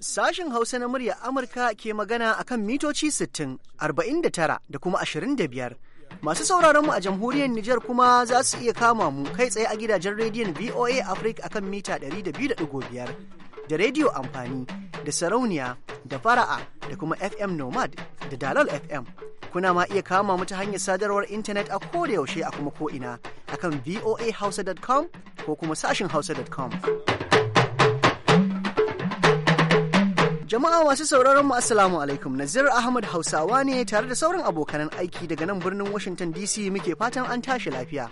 Sashen Hausa na murya Amurka ke magana akan mitoci 60, 49 da kuma 25. Masu sauraron mu a jamhuriyar Nijar kuma za su iya kama mu kai tsaye a gidajen rediyon VOA Africa akan mita 200.5 da rediyo amfani da sarauniya da fara'a da kuma fm nomad da dalal fm kuna ma iya kama mu ta hanyar sadarwar intanet a yaushe a kuma ko'ina akan voahausa.com ko kuma sashin hausa.com Jama'a masu sauraron mu Assalamu alaikum Nazir Ahmad Hausawa ne tare da sauran abokanan aiki daga nan birnin Washington DC muke fatan an tashi lafiya.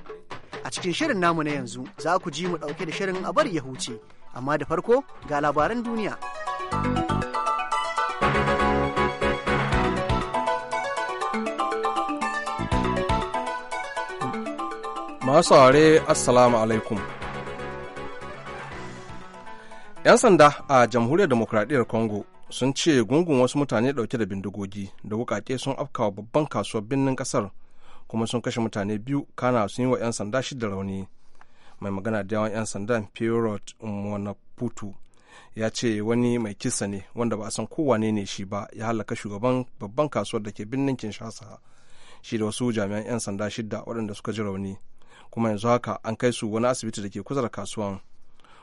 A cikin shirin namu na yanzu za ku ji mu ɗauke da shirin a bari ya huce amma da farko ga labaran duniya. Masu ware Assalamu alaikum. 'Yan sanda a Jamhuriyar demokradiyyar Congo sun ce gungun wasu mutane ɗauke da bindigogi da wukake sun afkawa babban kasuwar birnin ƙasar kuma sun kashe mutane biyu kana sun yi wa 'yan sanda shida rauni. mai magana da yawan 'yan sandan pierrot monaputu ya ce wani mai kisa ne wanda ba a san kowane ne shi ba ya halaka shugaban babban kasuwar da ke birnin kinshasa shi da wasu jami'an 'yan sanda shidda waɗanda suka ji rauni kuma yanzu haka an kai su wani asibiti da ke kusa da kasuwan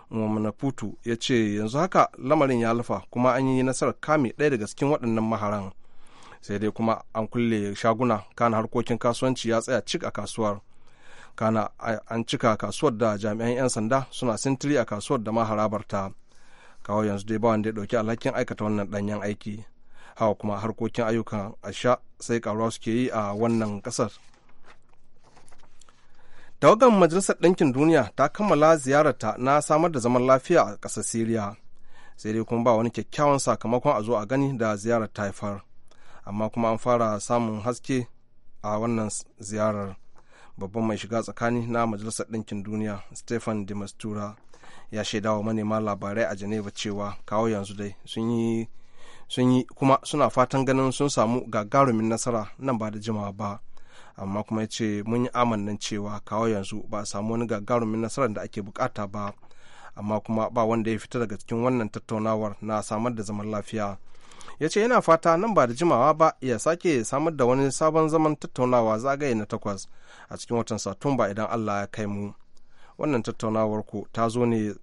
monaputu ya ce yanzu haka lamarin ya lafa kuma an yi nasarar kame ɗaya daga cikin waɗannan maharan sai dai kuma an kulle shaguna kan harkokin kasuwanci ya tsaya cik a kasuwar kana an cika kasuwar da jami'an 'yan sanda suna sintiri a kasuwar da ma harabarta kawo yanzu dai ba wanda ya ɗauki alhakin aikata wannan ɗanyen aiki hawa kuma harkokin ayyukan asha sai karuwa suke yi a wannan ƙasar tawagar majalisar ɗinkin duniya ta kammala ziyararta na samar da zaman lafiya a ƙasar siriya sai dai kuma ba wani kyakkyawan sakamakon a zo a gani da ziyarar taifar amma kuma an fara samun haske a wannan ziyarar babban mai shiga tsakani na majalisar ɗinkin duniya stephen de mastura ya shaidawa manema labarai a geneva cewa kawo yanzu dai sun yi kuma suna fatan ganin sun samu gagarumin nasara nan ba da jimawa ba amma kuma ya ce mun yi amannan cewa kawo yanzu ba a samu wani gagarumin nasarar da ake bukata ba amma kuma ba wanda ya fita daga cikin wannan tattaunawar na samar da zaman lafiya ya ce yana fata nan ba da jimawa ba ya sake samar da wani sabon zaman tattaunawa zagaye na takwas a cikin watan satumba idan allah ya kai mu wannan tattaunawar ku ta zo ne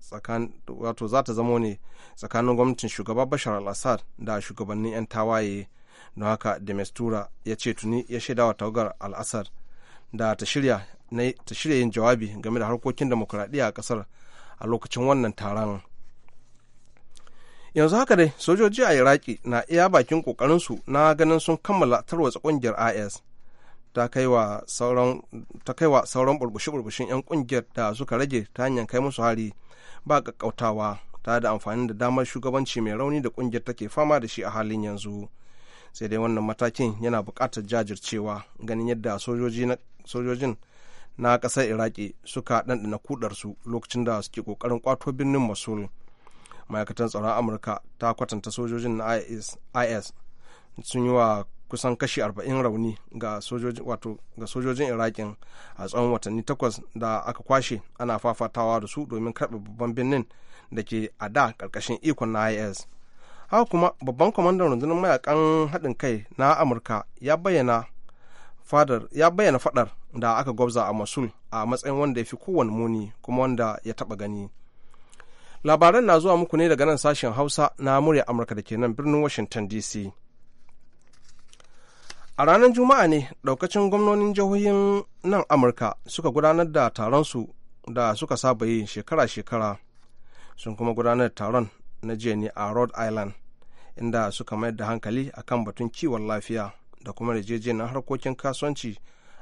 wato za ta zamo ne tsakanin gwamnatin shugaba bashar al-assad da shugabannin 'yan tawaye don haka da ya ce tuni ya shaidawa tawagar al-assad da ta shirya yin jawabi game da harkokin demokuraɗiyya a ƙasar a lokacin wannan taron yanzu haka dai sojoji a iraki na iya bakin kokarinsu na ganin sun kammala tarwatsa kungiyar is ta kai wa sauran burbushe-burbushen 'yan kungiyar da suka rage ta hanyar kai musu hari ba kakkautawa ta da amfani da damar shugabanci mai rauni da kungiyar take fama da shi a halin yanzu sai dai wannan matakin yana bukatar jajircewa ganin yadda sojojin na ƙasar iraki suka ɗanɗana kudarsu lokacin da suke ƙoƙarin kwato birnin mosul ma'aikatan tsaron amurka ta kwatanta sojojin na is sun yi wa kusan kashi 40 rauni ga sojojin irakin a tsawon watanni takwas da aka kwashe ana fafatawa da su domin karɓe babban birnin da ke a da ƙarƙashin ikon na is haka kuma babban kwamandan rundunar mayakan haɗin kai na amurka ya bayyana fadar da aka gwabza a masul a matsayin wanda ya fi kowane muni kuma wanda ya taɓa gani labaran na zuwa muku ne daga nan sashen hausa na murya amurka da ke nan birnin washington dc a ranar juma'a ne daukacin gwamnonin jihohin nan amurka suka gudanar da taron su da suka saba yi shekara-shekara sun kuma gudanar da taron na jiya ne a rhode island inda suka mayar da hankali akan batun kiwon lafiya da kuma yarjejeniyar harkokin kasuwanci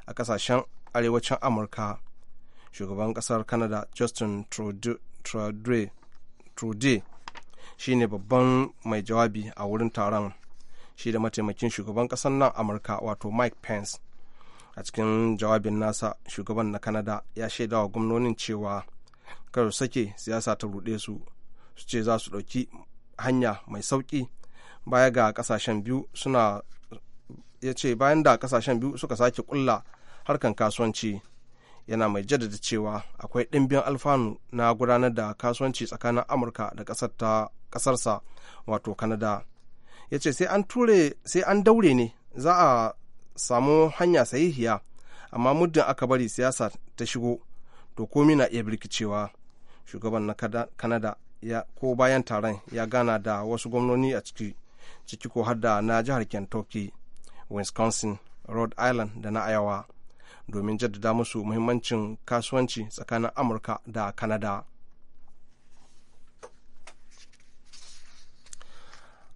a kasashen arewacin amurka shugaban kasar canada justin trudeau trude shine babban mai jawabi a wurin taron shi da mataimakin shugaban ƙasar nan amurka wato mike pence a cikin jawabin nasa shugaban na kanada ya shaida wa gwamnonin cewa kar sake siyasa ta ruɗe su su ce za su ɗauki hanya mai sauƙi baya ga kasashen biyu suna ya ce bayan da ƙasashen biyu suka sake ƙulla harkan kasuwanci yana mai jaddada cewa akwai ɗimbin alfanu na gudanar da kasuwanci tsakanin amurka da ƙasarsa wato kanada ya ce sai an daure ne za a samu hanya sahihiya amma muddin aka bari siyasa ta shigo to komi na iya birkicewa shugaban na kanada ko bayan taron ya gana da wasu gwamnoni a ciki ciki ko har da na jihar kentucky wisconsin rhode island da na ayawa. domin jaddada musu muhimmancin kasuwanci tsakanin amurka da kanada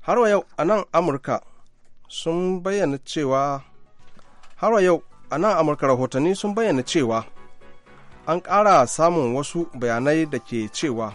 har yau a nan amurka sun bayyana cewa harwa yau a nan amurka rahotanni sun bayyana cewa an ƙara samun wasu bayanai da ke cewa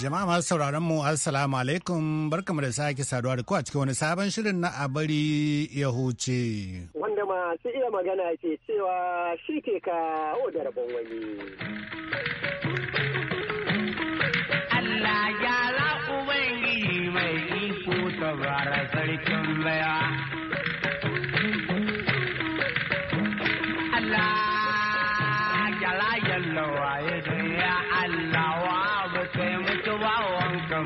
Jama'a masu sauraron mu assalamu alaikum barkamu da sake saduwa da ku a cikin wani sabon shirin na a bari ya huce. Wanda masu iya magana ke cewa shi ke ka da rabon wani. Allah ya la Ubangiji mai iko tabara sarkin baya. Allah ya la yallawa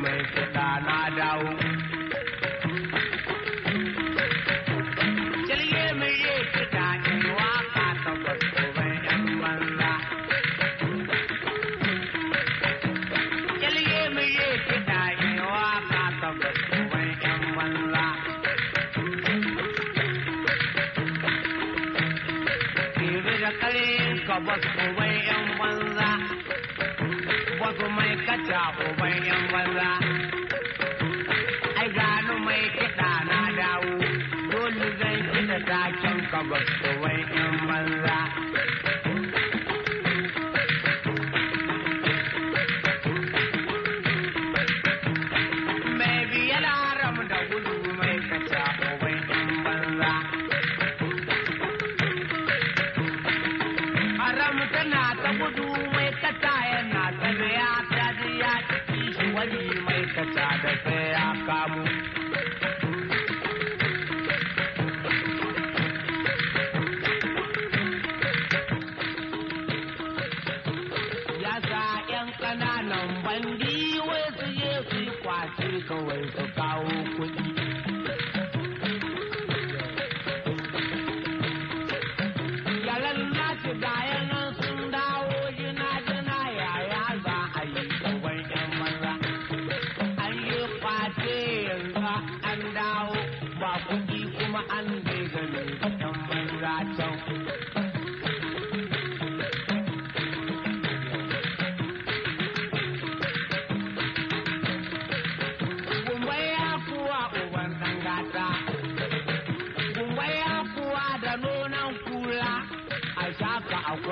मैं ठिकाना जाऊं चलिए मैं ये ठिकाना का तो बस बन रहा चलिए मैं ये ठिकाना का तो बस बन रहा करें कबस kaca uban yan maza ai gano mai kiɗa na dawo dole zan kiɗa taken kabas uban yan maza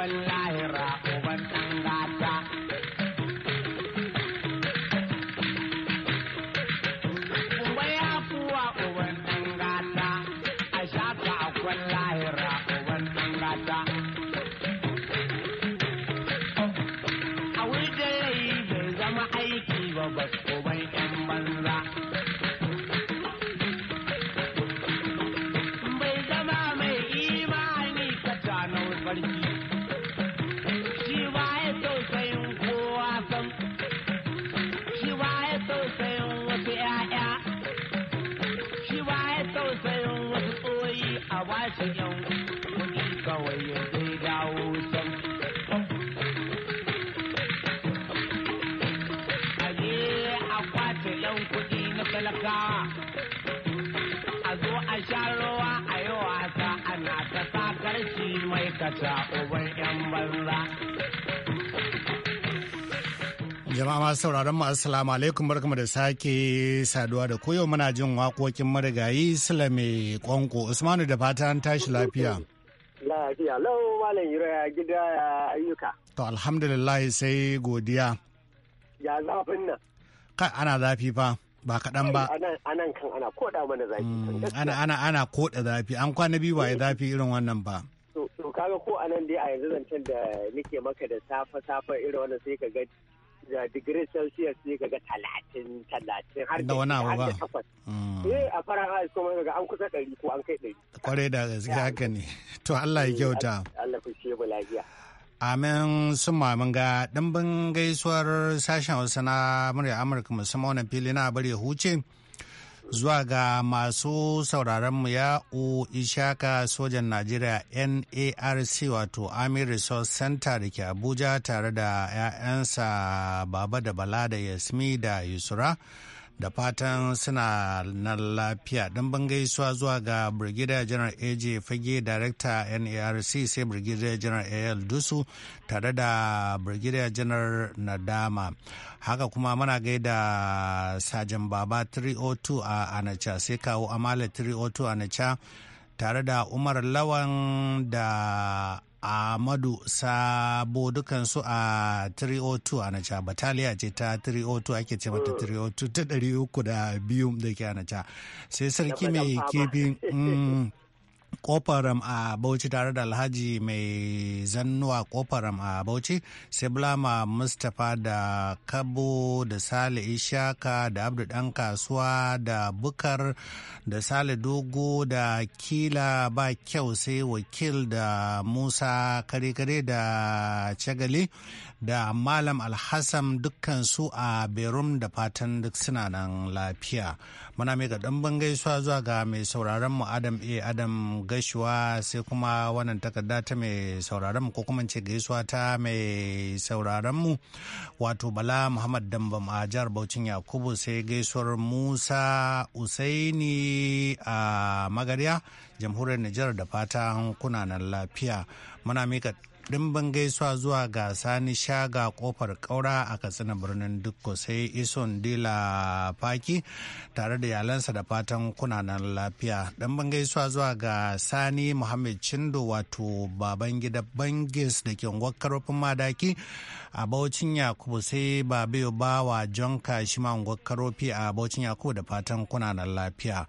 واللعب bashi yan kuɗi kawai ya zai dawo can. A a kwace yan kuɗi na talakawa. A zo a sha rawa a yi wasa ana ta sakar maikata mai kata uban yan banza. Jama'a masu sauraron mu assalamu alaikum barkamu da sake saduwa da koyo muna jin waƙoƙin marigayi Sulame Kwanko Usmanu da fata an tashi lafiya. Lafiya lau malam ya gida ya ayyuka. To alhamdulillah sai godiya. Ya zafin nan. Kai ana zafi fa. ba kaɗan ba. Anan kan ana koɗa mana zafi. Mm, ana ana ana koɗa zafi an kwana biyu ba ya zafi irin wannan ba. To kaga ko anan dai a yanzu zancen da nake maka da safe safe irin wannan sai ka ga da digiri celsius ne kaga talatin talatin har da wani abu ba mm. eh a fara farar kuma kaga an kusa ɗari ko an kai ɗari kwarai da gaske haka ne to allah ya eh, kyauta allah ku ce mu lafiya Amin sun mamin ga ɗimbin gaisuwar sashen wasu na murya Amurka musamman wani fili na bari huce. zuwa ga masu sauraronmu ya u ishaka sojan najeriya narc wato army resource center da ke abuja tare da 'ya'yansa baba da bala da yasmi da yusura da fatan suna na lafiya bangai suwa zuwa ga brigadier general aj fage director narc sai brigadier general al dusu tare da brigadier general nadama haka kuma muna gaida sajan baba 302 a anacha sai kawo amala 302 a anacha tare da umar lawan da amadu Sabo dukansu a 302 a Nacha bataliya ce ta 302 ake ce mata 302 ta 302 da ke a Nacha sai sarki mai kifin mm, kofaram a bauchi tare da alhaji mai zannuwa kofaram a bauchi sai bulama mustapha da kabo da sale ishaka da abdu dan kasuwa da bukar da sale dogo da kila ba kyau sai wakil da musa kare-kare da cagali da malam alhassan dukkansu a berum da fatan duk suna nan lafiya muna mai ga ɗan gaisuwa zuwa ga mai sauraron mu adam a adam gaisuwa sai kuma wannan takarda ta mai mu ko kuma ce gaisuwa ta mai mu? wato bala muhammad dambam a jihar baucin yakubu sai gaisuwar musa usaini a magarya jamhuriyar nijar da fatan kunanan lafiya muna mika ɗimbin gaisuwa zuwa ga sani shaga kofar kaura a katsina birnin dukko sai ison dila faki tare da yalansa da fatan kunanan lafiya ɗimbin gaisuwa zuwa ga sani muhammad chindo wato baban gida bangis da ke karfin madaki a Baucin Yakubu sai ya Bawa John Kashima Karofi a Baucin Yakubu da fatan kuna na lafiya.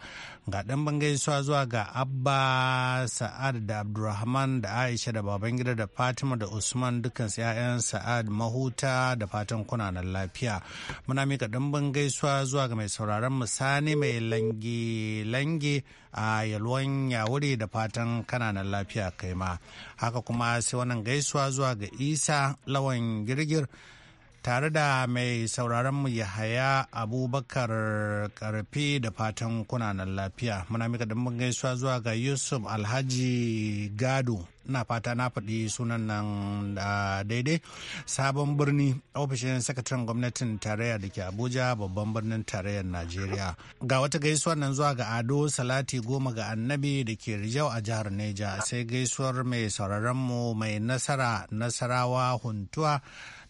Ga ɗan suwa zuwa ga Abba Sa'ad da Abdurrahman da Aisha da Babangida da Fatima da Usman dukkan ‘ya'yan Sa'ad Mahuta da fatan kuna na lafiya. Muna mika ɗan suwa zuwa ga mai sauraron mu Sani mai lange-lange a yalwan yawuri da fatan kananan lafiya kai ma haka kuma sai wannan gaisuwa zuwa ga isa lawan girgir tare da mai sauraronmu Yahaya Abubakar Karfi da fatan kunanan lafiya. Muna mika da mun gaisuwa zuwa ga Yusuf Alhaji Gado. na fata na faɗi sunan nan daidai sabon birni ofishin sakataren gwamnatin tarayya da ke abuja babban birnin tarayyar najeriya ga wata gaisuwar nan zuwa ga ado salati goma ga annabi da ke rijau a jihar neja sai gaisuwar mai mu mai nasara nasarawa huntuwa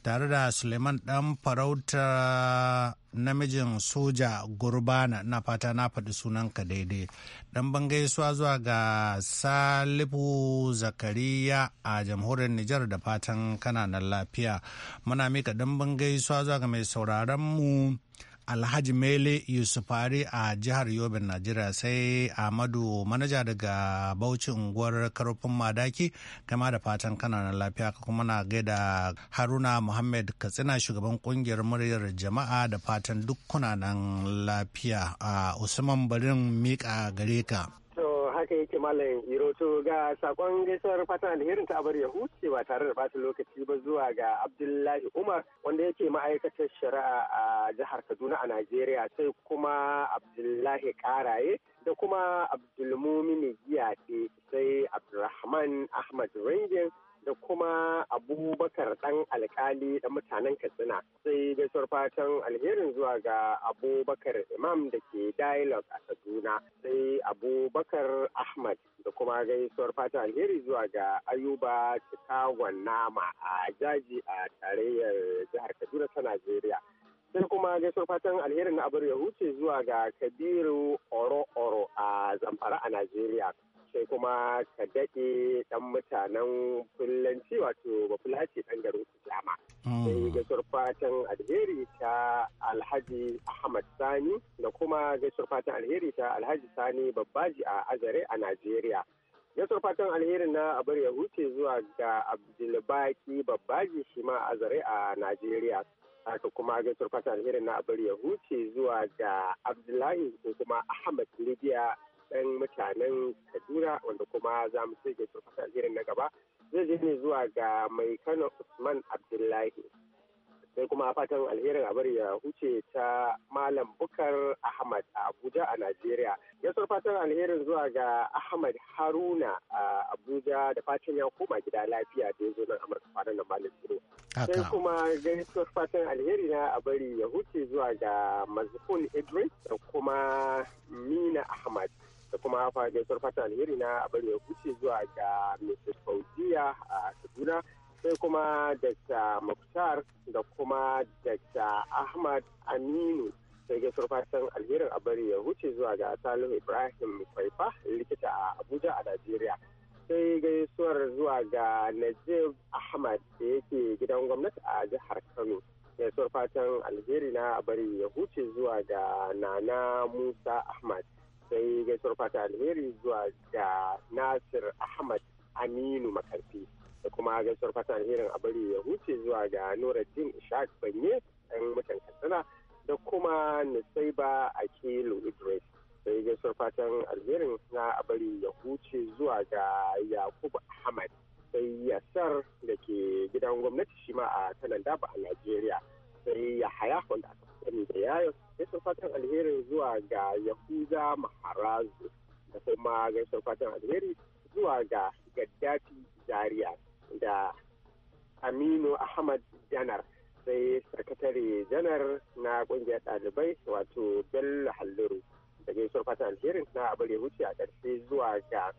tare da suleiman dan farauta namijin soja gurbana na fata na faɗi sunanka daidai dan bangaisuwa zuwa ga salifu zakariya a jamhuriyar nijar da fatan kananan lafiya muna mika dan bangaisuwa zuwa ga mai sauraron mu alhaji mele yusufari a jihar yobin najeriya sai ahmadu manaja daga bauchi unguwar karfin madaki kama da fatan kana na lafiya kuma na gaida haruna muhammad katsina shugaban kungiyar muryar jama'a da fatan dukkunanan lafiya a usman barin mika gare ka Malam Iro to ga sakon gaisuwar fatan alherin ta abar ya huce ba tare da bata lokaci ba zuwa ga Abdullahi Umar wanda yake ma'aikatar shari'a a jihar Kaduna a Najeriya sai kuma Abdullahi Karaye da kuma Abdulmumini Giyaɗe sai Abdulrahman Ahmad Ringin da kuma abubakar dan alkali da mutanen katsina sai gaisuwar fatan alherin zuwa ga abubakar imam da ke dialogue a kaduna sai abubakar ahmad da kuma gaisuwar fatan alheri zuwa ga ayuba cikawon nama a jaji a tarayyar jihar kaduna ta najeriya sai kuma gaisuwar fatan alherin na abar ya huce zuwa ga kabiru oro oro a zamfara a najeriya sai kuma ka daɗe ɗan mutanen fulanci wato fulaci ɗan garin islama. Ah. Sai gaisuwar fatan alheri ta Alhaji Ahmad Sani da kuma gaisuwar fatan alheri ta Alhaji Sani Babbaji a Azare a Najeriya. Gaisuwar fatan alheri na abar ya huce zuwa ga Abdulbaki Babbaji shi ma Azare a Najeriya. haka kuma gaisuwar fatan alheri na abar ya huce zuwa ga Abdullahi ko kuma Ahmad Libya dan mutanen kaduna wanda kuma za mu ce ga turfasa na gaba zai je ne zuwa ga mai kano usman abdullahi sai kuma fatan alherin abar ya huce ta malam bukar ahmad a abuja a najeriya ya fatan alherin zuwa ga ahmad haruna a abuja da fatan ya koma gida lafiya da ya zo nan amurka kwanan da malam tsiro sai kuma gaisuwar fatan alheri na abari ya huce zuwa ga Mazhun idris da kuma mina ahmad da kuma hafa gaisuwar fata alheri na abin ya kuce zuwa ga Mr. Fauziya a Kaduna sai kuma Dr. Muktar da kuma Dr. Ahmad Aminu sai gaisuwar fatan alherin a bari ya huce zuwa ga salim Ibrahim Kwaifa likita a Abuja a Najeriya. sai gaisuwar zuwa ga Najib Ahmad da yake gidan gwamnati a jihar Kano. Gaisuwar fatan alheri na bari ya huce zuwa ga Nana Musa Ahmad. sai gaisuwar fata alheri zuwa ga nasir ahmad aminu makarfi da kuma gaisuwar fata alherin a bari ya huce zuwa ga nuruddin ishaq banye ɗan mutan katsina da kuma nusaiba akilu idris sai gaisuwar fatan alherin na a bari ya huce zuwa ga yakubu ahmad sai yasar da ke gidan gwamnati shima a kanan daba a najeriya sai ya haya wanda aka sani da yayo fatan alheri zuwa ga Yahuza Maharazu da kuma gaisuwar fatan alheri zuwa ga Gaddafi Zaria da Aminu Ahmad Janar sai sakatare janar na kungiyar ɗalibai wato Bello Halliru da gaisuwar fatan alherin na abu ya wuce a ƙarshe zuwa ga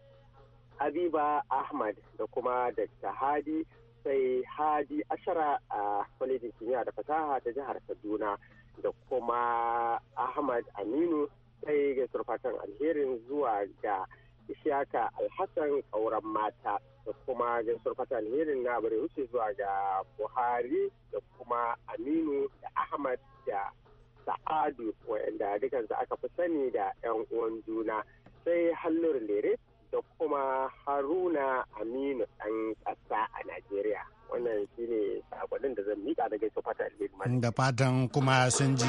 Habiba Ahmad da kuma Dr. Hadi sai Hadi Ashara a kwalejin kimiyya da fasaha ta jihar Kaduna. da kuma ahmad aminu sai ga surfatan alherin zuwa ga ishaka alhassan kauran mata da kuma ga surfatan alherin na bari wuce zuwa ga buhari da kuma aminu da ahmad da sa'adu wa'anda dukansu aka fi sani da 'yan uwan juna sai hallur lere da kuma haruna aminu ɗan ƙasa a najeriya wannan shi ne sakonin da zan miƙa da gaisuwa fata alheri da fatan kuma sun ji.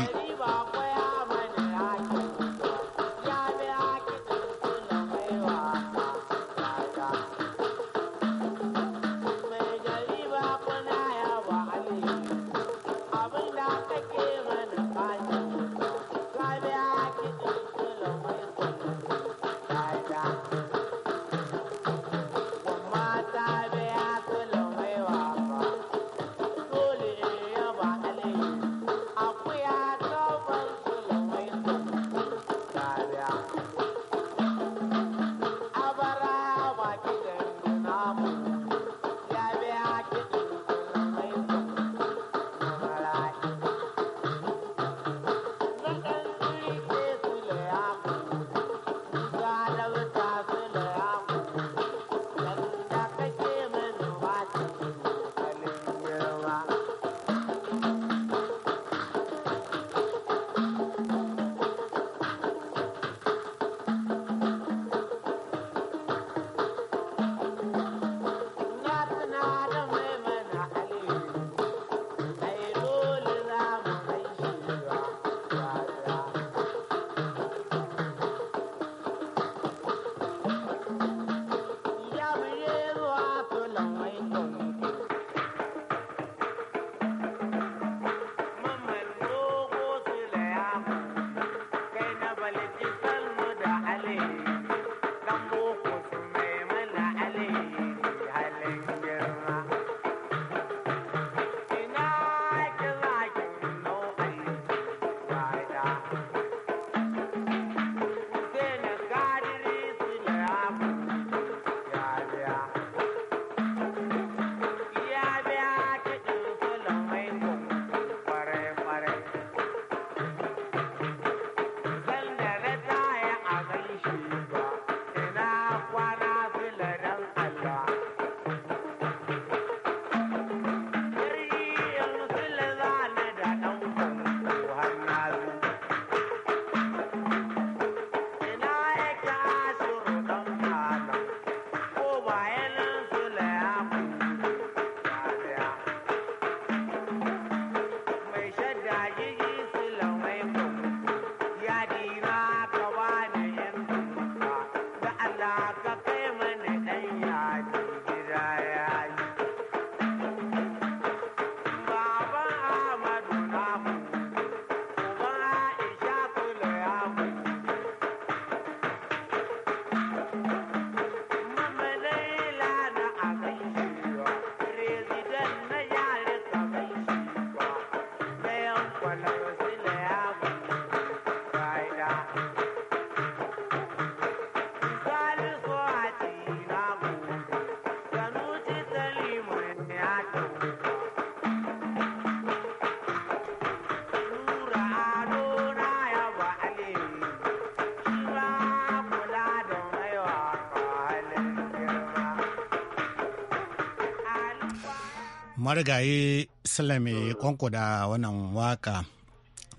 marigayi salame kwanko da wannan waka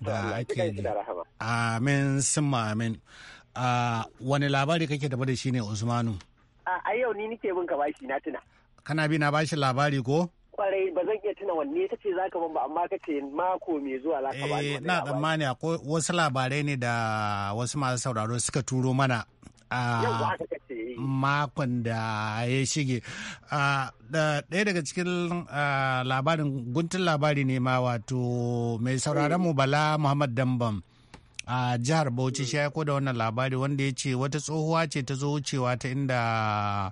da ake amin simma amin wani labari kake da shi ne usmanu a yau ni nike bin ka bashi na tuna kana bi na bashi labari ko kwarai ba zan iya tuna wanne ta ce zaka ban ba amma ka ce mako mai zuwa za ka ba ni eh, na tsammani akwai wasu labarai ne da wasu masu sauraro suka turo mana a makon da ya shige ɗaya daga cikin labarin guntun labari ne ma wato mai sauraron mu bala muhammad dambam a jihar bauchi shi ya da wannan labari wanda ya ce wata tsohuwa ce ta zo wucewa ta inda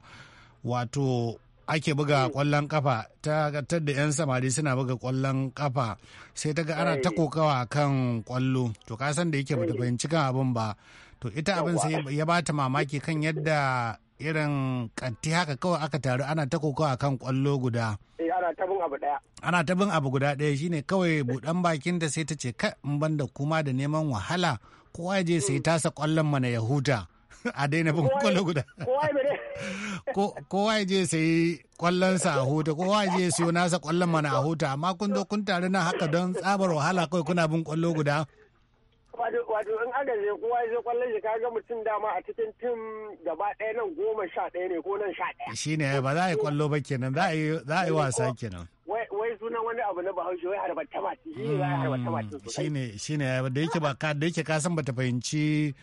wato ake buga kwallon mm. kafa ta gatar da 'yan samari suna buga kwallon kafa sai ta ga ana ta kokawa kan kwallo to kasan da yake bata fahimci kan abin ba to ita abin sai ya ba ta mamaki kan yadda irin kanti haka kawai aka taru ana ta kokawa kan kwallo guda eh, ana ta bin abu ɗaya. ana ta bin abu guda daya shine kawai buɗan bakin da sai ta ce ka in da kuma da neman wahala kowa je sai tasa kwallon mana ya huta a daina bin kwallo guda kowa je sai sa a huta kowa je siyo nasa kwallon mana a huta amma kun zo kun taru na haka don tsabar wahala kawai kuna bin kwallo guda wato in aka je kowa ya je kwallon shi kaga mutum dama a cikin tim gaba ɗaya nan goma sha ɗaya ne ko nan sha ɗaya. Shi ne ba za a yi kwallo ba kenan za a yi wasa kenan. Wai sunan wani abu na bahaushe wai harbar tamati shi ne za a harbar tamati Shi ne shi ne da yake ba ka da yake ka san bata fahimci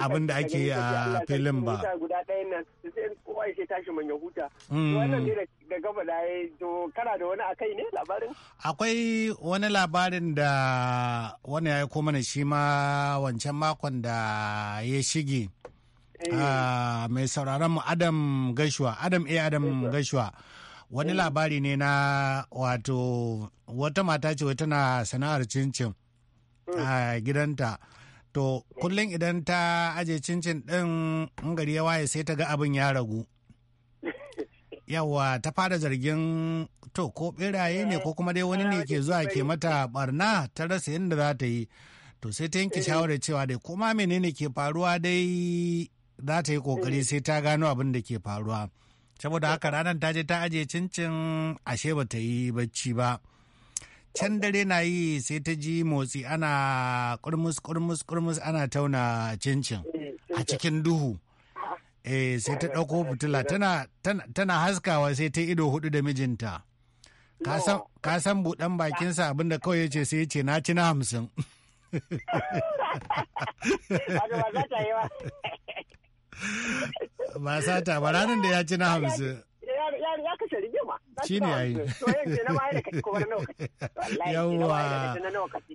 abin da ake yi a filin ba. Guda ɗaya nan sai kowa ya tashi man huta. Wannan ne da daga eh, to kana da wani akai ne labarin akwai wani labarin da wani ya yi mana shi ma wancan makon da ya shige eh. ah, mai sauraron mu adam gashuwa adam a eh, adam gashuwa wani labari ne na wato wata mata ce tana sana'ar cincin a gidanta to kullum idan ta aje cincin ɗin gari ya waye sai ta ga abin ya ragu yawa ta fara zargin to ko beraye ne ko kuma dai wani ne ke zuwa ke mata barna ta rasa yadda za ta yi to sai ta yanke eh. shawara cewa dai koma menene ke faruwa dai za ta yi kokari eh. sai ta gano abin da ke faruwa saboda eh. haka ranar ta je ta ajiye cincin ashe ba ta yi bacci ba can dare na yi sai ta ji motsi ana kurmus kurmus kurmus ana tauna cincin a cikin duhu eh sai ta ɗauko fitila tana haskawa sai ta ido hudu da mijinta ka san buɗan bakinsa abinda kawai ya ce sai ya na ci na hamsin ba sata ba ranar da ya ci na hamsin ya kashe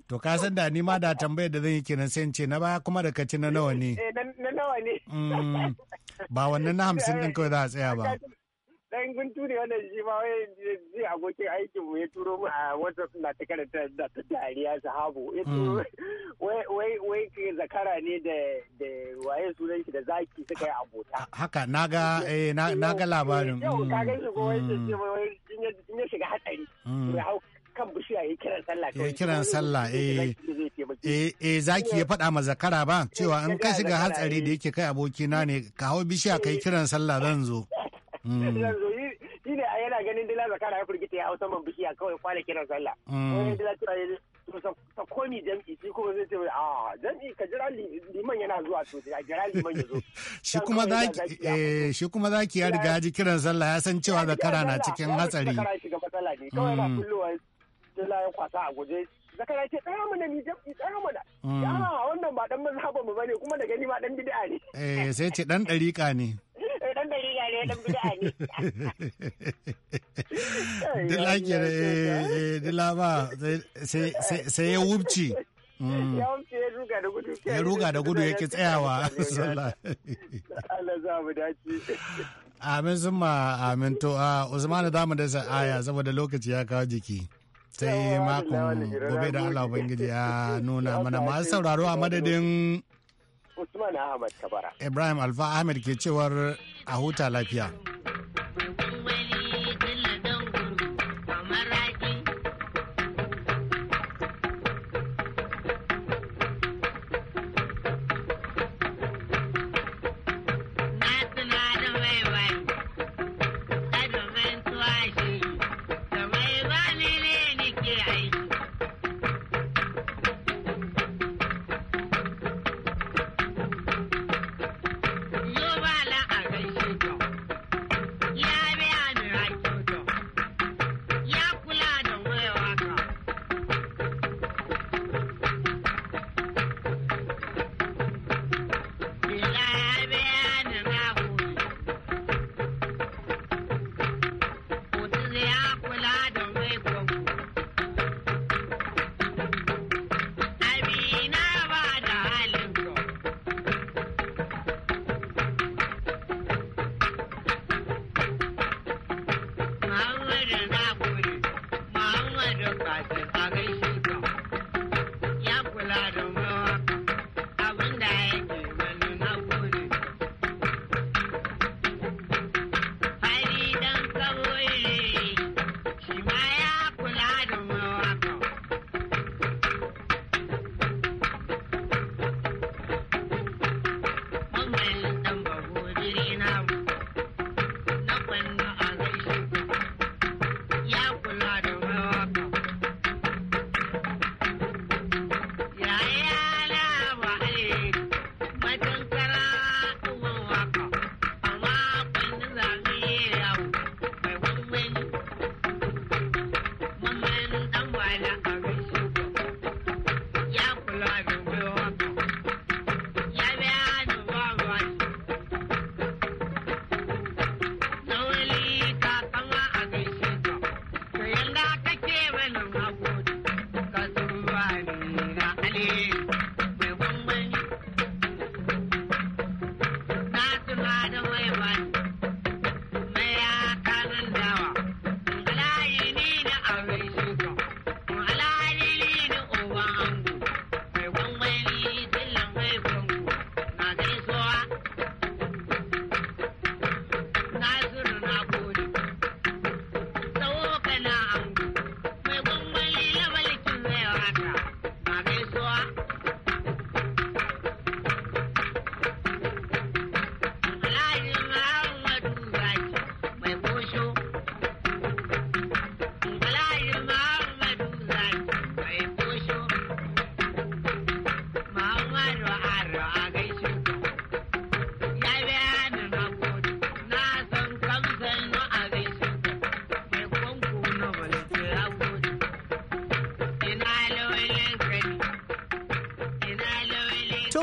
to ka san da ni ma da tambayar da zan yi kenan sai ce na baya kuma da ka ci na nawa ne eh, mm. ba wannan na hamsin ɗin kawai za a tsaya ba dan guntu ne wannan shi ma wai abokin aikin mu ya turo mu a wata suna ta karanta da ta dariya sahabo habu mm. wai wai wai zakara ne da da waye sunan shi da zaki suka yi abota haka naga eh naga labarin yau ka mm. ga shi ko wai mm. in ya shiga hatsari ya hau kan bishiya ya kiran sallah kawai. kiran sallah eh. eh eh zaki ya faɗa ma zakara ba cewa in ka shiga hatsari eh. da yake kai abokina ne ka hau bishiya kai kiran sallah zan zo. yanzu mm. shi ne yana ganin dila zakara ya firgita ya hausa man bishiya kawai kwana kiran sallah mm. wani dila tura ya ta komi jam'i shi kuma zai ce a ah, jam'i ka jira liman yana zuwa to a jira liman ya zo shi kuma zaki eh shi kuma zaki ya riga ji kiran sallah ya san cewa zakara na cikin hatsari zakara shiga matsala ne kawai na mm. kullowa dila ya kwasa a guje zakara ce tsaya mana ni jam'i tsaya mana ya ah, wannan ba dan mazhaban mu bane kuma da gani ma dan bid'a ne eh sai ce dan dariƙa ne yare dan bid'a ne dila kira dila ba sai mm. ya wubci ya ruga da gudu yake tsayawa Allah za mu dace amin sun ma amin to a ah, usmanu za mu dasa aya saboda lokaci ya kawo jiki sai makon gobe da Allah Ubangiji ya nuna mana masu sauraro a madadin Ibrahim Alfa Ahmed ke cewar a huta lafiya.